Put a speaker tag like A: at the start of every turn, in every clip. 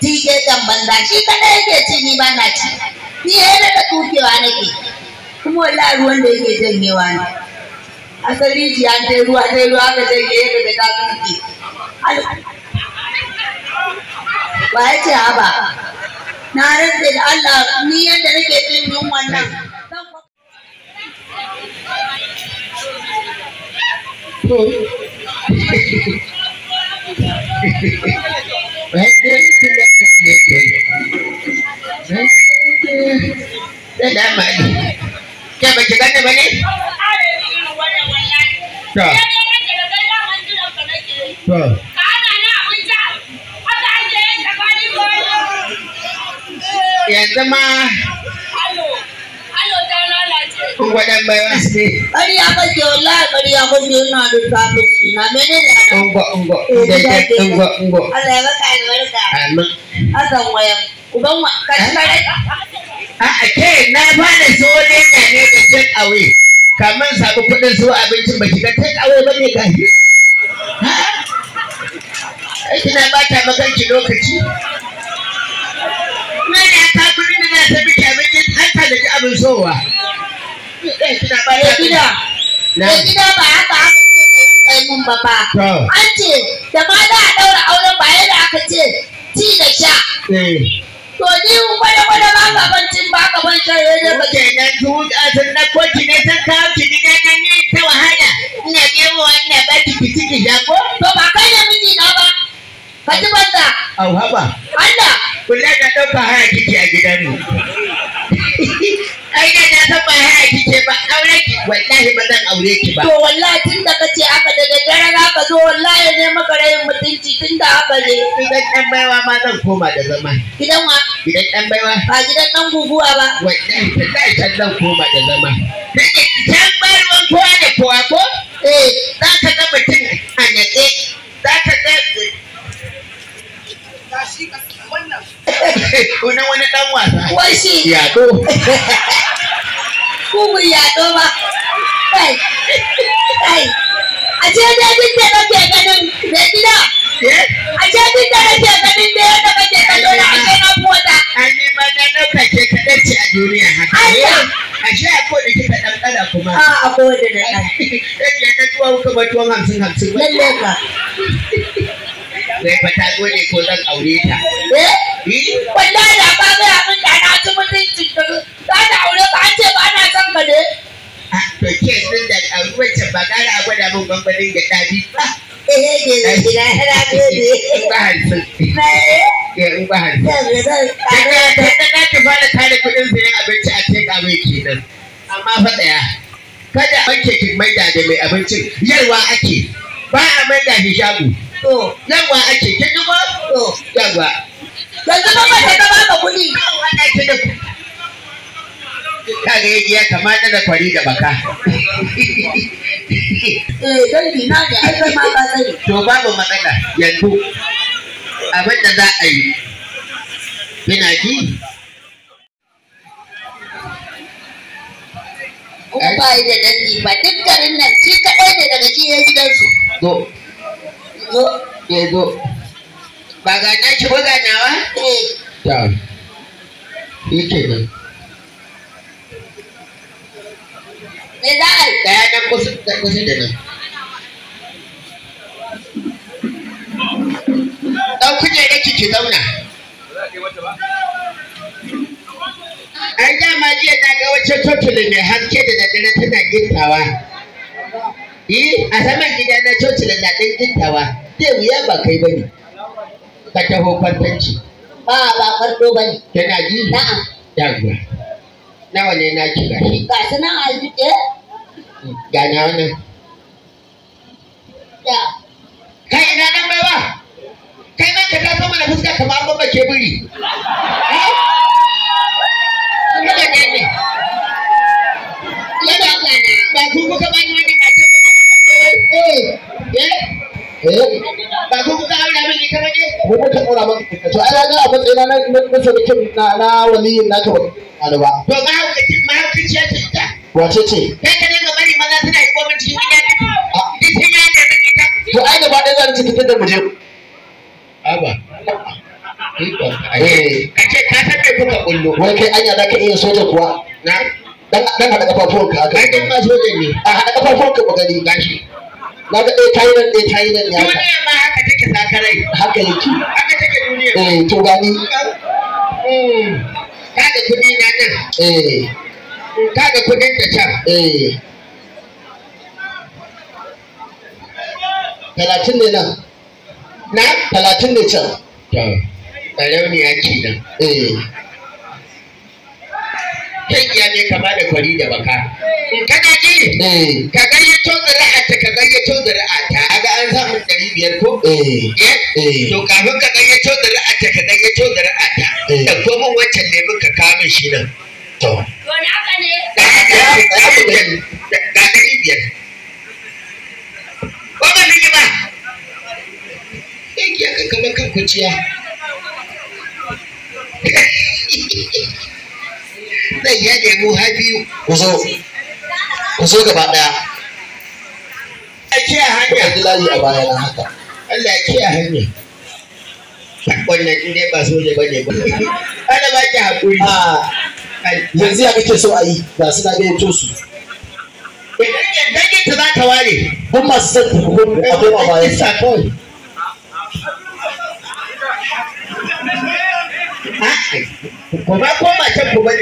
A: dike dan banza shi kada yake ci ni ba na ci ni ya daga tukewa nake kuma wallahi ruwan da yake janyewa ne asali ji an dai ruwa dai ruwa ka janye yadda da ta tuke ba ya ce haba na rantse da Allah ni yadda nake jin yunwan nan to Yanzu ma kun gwadan baiwa su ne ƙarya kake wallahi ƙarya kake na menene ungo ungo da eh, da ungo ungo Allah ya baka albarka amin azan wayan uban wa kashi kare a a ke na fara so ne na ne da take away kamar sabu kuɗin su abincin baki ga take away bane gashi kina bata lokaci Mene ya ta birnin ya ta biki abincin har ta da abin sowa. Mai gida ba haka aka ce ka yi mun ba ba. An ce da ma za a ɗaura auren ba yadda aka ce ci sha. Eh. To ni gwada gwada ba ka cin ba ban shan yadda ba. Kenan su a sun ɗauko ki ne ta kawo ki ta wahala. Ina nemo ina ba ki ki da To ba kai da miji na ba. Ka ji banza. Allah. Kula da ɗauka haya a gidan ai na san ba ya haya kike ba aure ki wallahi ba zan aure ki ba to wallahi tun da kace aka da dare za ka zo wallahi ne maka rayin mutunci tun da aka ne gidan dan baiwa ma zan koma da zama gidan wa gidan dan baiwa ba gidan dan guguwa ba wallahi tallahi can zan koma da zama can baiwan kowa da kowa ko eh za ka ga mutum a natse za ka ga wannan wani dan wasa wai shi yato mugun yaɗo ba kai kai a ce dai duk da ganin da gida a ce duk da kake ganin eh? da yadda kake kallo na ake na mota an yi mana na kake ce a duniya haka a kika dan kada kuma a a ko na dan ya ta tuwa ka ba hamsin hamsin lalle ka gode ko zan aure ta eh, eh? wallahi ba ga abin da na ci to kes din da a wacce ba kara a gwada min gwangwanin gyaɗa biyu ba. Ehe ke da gida hana bebe. In ba hansun. Ya in ba hansun. Kada na ta fara kare kuɗin sayan abinci a teka mai kenan. Amma fa ɗaya. Kada ake ki maida da mai abincin yarwa ake. Ba a maida shi shago. Yarwa ake kin ji ko? Yarwa. Yanzu ba ta gaba ka kuɗi. Yawa na ki da kuɗi. kaga yaji ya kamata da kwari da baka eh dangi na ga ai kai ma ka sani to babu matsala yanzu abin da za a yi kina ji kuma ba da dangi ba duk garin nan shi kaɗai ne daga shi ya gidansu zo zo ya zo ba ga na shi ba ga nawa eh ta yake nan me za a yi tsaya nan kusa da nan ɗan kujera ki zauna an dama jiya na ga wacce cocile mai haske da daddare tana gintawa yi a saman gida na cocile na ɗan gintawa zai wuya ba kai ba ne ka taho kwantanci ba ba farko ba ne tana ji na'am yaguwa nawa ne na ki gashi ga su nan a jiɗe hmm, ga wani ya kai ina nan bai ba kai nan ka taso mana fuska kamar an ke biri ba ku kuka ba wani kace eh. eh? eh? ba ku kuka aura mini ita bane ko ku ka aura maka to ai a ne? na na na waliyin naka ba to ba wace ce kai ka dinga maza suna yi komai cikin gida
B: duk sun
A: yi da ita to ai gaba ɗaya za ta tafi da mu je aba eh. kace ka san me kuka kullu wai kai anya za ka iya soja kuwa na dan dan hada kafafuwan ka aka ai dan ma soja ne a hada kafafuwan ka magani gashi na ga ɗaya eh, tayi nan ɗaya eh, tayi nan ya duniya ma haka take sakarai haka yake haka take duniya eh to gani hmm. ka da kuɗi na nan eh kaga kudin ta can eh talatin ne nan na talatin ne can ƙarauniya kenan eh kai iya ne kama da kwari da baka in kana ji eh. ka gayyato zuri'ata ka gayyato zuri'ata a ga an samu ɗari biyar ko eh. Eh. to kafin
B: ka gayyato zuri'ata ka gayyato zuri'ata
A: da komin wancan ne ka kawo min shi nan to wani ya fi ɗari biyar ko ba kan nemo hafi ku zo ku zo gaba ɗaya a kiya hanya ku layi a baya na haka Allah ya kiya hanya wannan ne ba so ne ba ne ba ba ki haƙuri yanzu ya kake so a yi ga su na gayyato su idan ta za ka ware duk masu son tukuku a koma bayan sa kawai ko ba ko ba can ko ba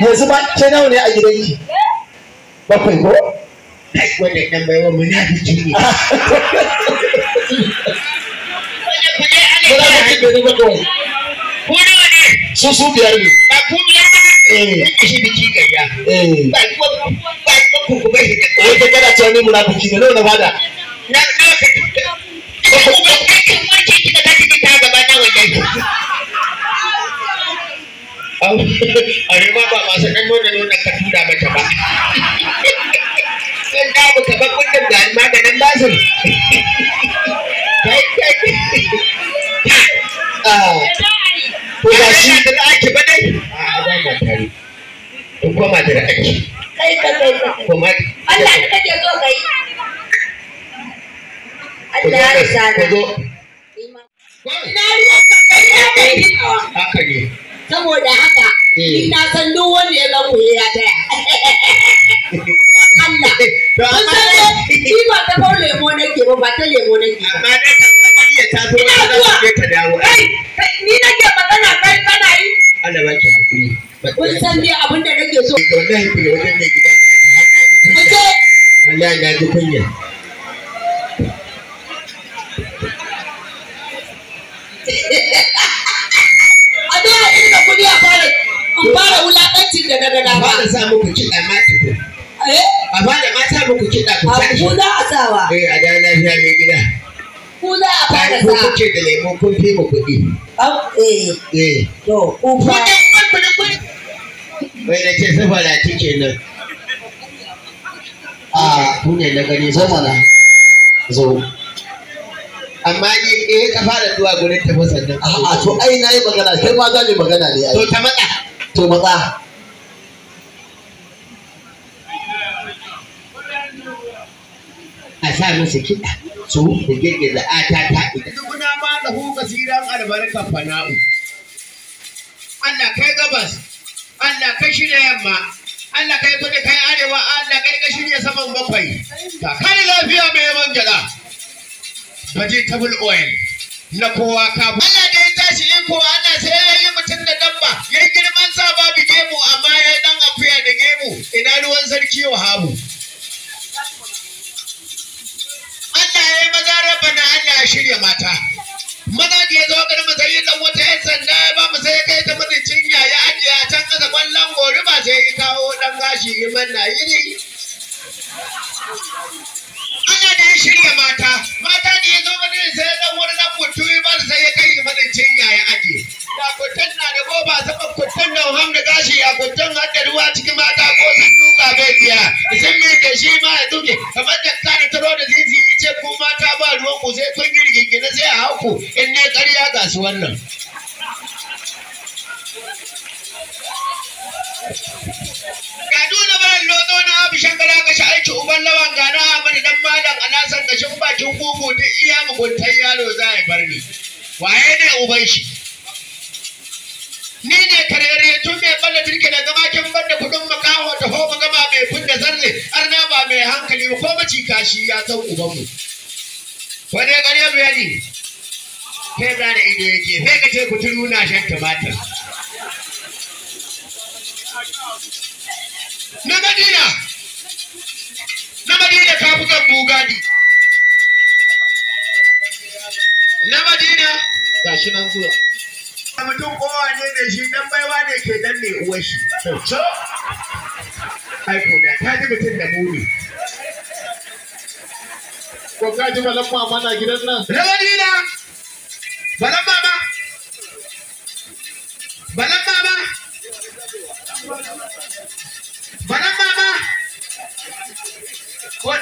A: yanzu ba ke nawa ne a gidanki bakwai ko wannan nan bai wa munafiki ne Muna da cikin bakwai. Ku nawa ne? Su su biyar ne. Ba ku biyar ba. Eh. Kun shi biki gayya. Eh. Ba ku ba ku ku ba shi da. Wai eh, kai kana cewa
B: ni munafiki ne nawa na bada? Na na ka.
A: Ku ba ku kan warke ki da kaji ta gaba na wallahi. A ne ma ba masu ɗan nuna nuna ka tura mata ba. Sun da mu taɓa kullum da maganin lazim. Kai kai. Ah. Kina shi da ake ba dai? A'a
B: In koma da ɗaki. ka ka. Allah
A: ya ka kai kai Saboda haka. Eh. ina san duk wanda ya koyi ya taya. Allah. Eh, ba ta lemo nake ba ba ta lemo nake. Amma ta zo
B: kun san ne abin
A: da nake so eh, wallahi ku ne wajen ne gida mace wallahi na ji kunya a da dole irin da kuɗi a fara in fara wulaƙancin da na gada ba da sa muku kiɗa ma tuku eh? a ba da mata muku kiɗa ku shi. A za a sawa eh a da lafiya mai gida ku za a fara sa ku kuke da lemun kun fi mu kuɗi eh eh to ku fa wai da ce sufara ke nan a tune na gani zo na, zo amma ni eh ka fara zuwa gurin tafi sannan a to ai na yi magana kai ma za ne magana ne ai to ta matsa to matsa a sa masa kiɗa su da girgiza a ta ta ita.
B: Kuna ma da hu kasiran albarkar fana'u. Allah kai gabas Allah ka shirya yamma Allah kai yi kudu arewa Allah ka ka shirya saman bakwai ka kare lafiya mai yawan gyaɗa vegetable oil na kowa ka Allah da ya tashi iko Allah sai ya yi mutum da dabba ya yi girman sa babu gemu amma ya yi dan akuya da gemu ina ruwan sarki wa habu Allah ya yi maza na Allah ya shirya mata maza da ya zo garin masayi dan wata 'yan sanda sai kai ta mutu cinya ya ajiye a can kasa kwallon gori ba sai ya kawo dan gashi liman na yi Allah ne ya shirya mata, mata ne ya zo mutu sai dan wani dan mutu ba sai ya kai mutu cinya ya ajiye. Da kuntun na da goba saba kuntun da ham da gashi a kuntun har da ruwa cikin mata ko sun duka bai biya. Sun mi da shi ma ya duke kamar da ta taro da zizi ce ko mata ba ruwan ku sai kun yi rigingine sai a haku in ne karya ga su wannan.
A: ga dole bayan lozo na abishan kala ka sha'arci uban lawan gana
B: a dan malam alasan da shin bakin kuku ta iya mugunta yaro za a bar ni waye ne uban shi ni ne karere tun mai balla turke da gama kin banda kudin makaho ta ho gama mai kunna zarre arna ba mai hankali ko maci kashi ya san uban mu wani gari mai yadi kai da ido yake sai ka ce kuturu na shan tumatir na madina na madina ta bugadi na madina gashi nan zuwa mutum kowa ne da shi dan baiwa ne ke dan ne uwar shi aiko da ta ji mutum da muni ko ka ji balan mama na gidan nan na madina balan mama balan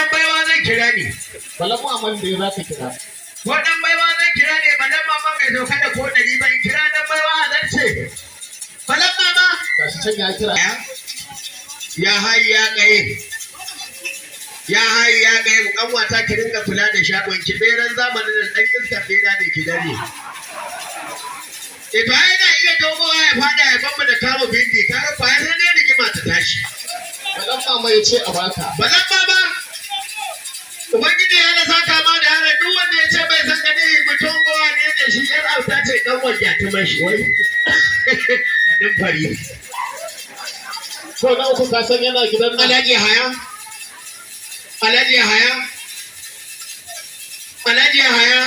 B: dan baiwa zan kira ne balan maman da za ka kira baiwa zan kira ne balan maman mai doka da ko dari ban kira dan baiwa zan ce balan mama shi can ya kira ya hayi ya kai ya hayi ya kai ki dinga kula da shagon ki beran zamanin da dan iska bera ne, ki dare Ito na iya dogowa ya fada ya bamba da kama bindi, kara ba ya sanar da kima ta tashi. Balan mama a baka. Balan mama dan wajen ta mashi wai ɗan fari ko na uku ka san yana gidan alaji haya alaji haya alaji haya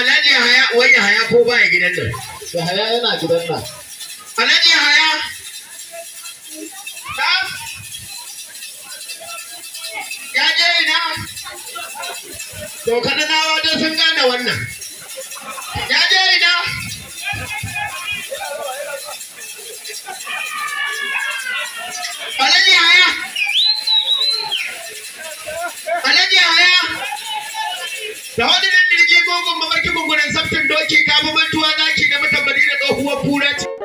B: alaji haya wai haya ko baya gidan nan da haya yana gidan nan alaji haya ya je ina to kadanawa dai sun gane wannan जाओ जाओ जाओ
A: पलट जी आया
B: पलट जी आया बहुत ne jirgi gogon mamarki mugunan sabtin doki kama mantuwa zaki na mata bari da tsohuwar fura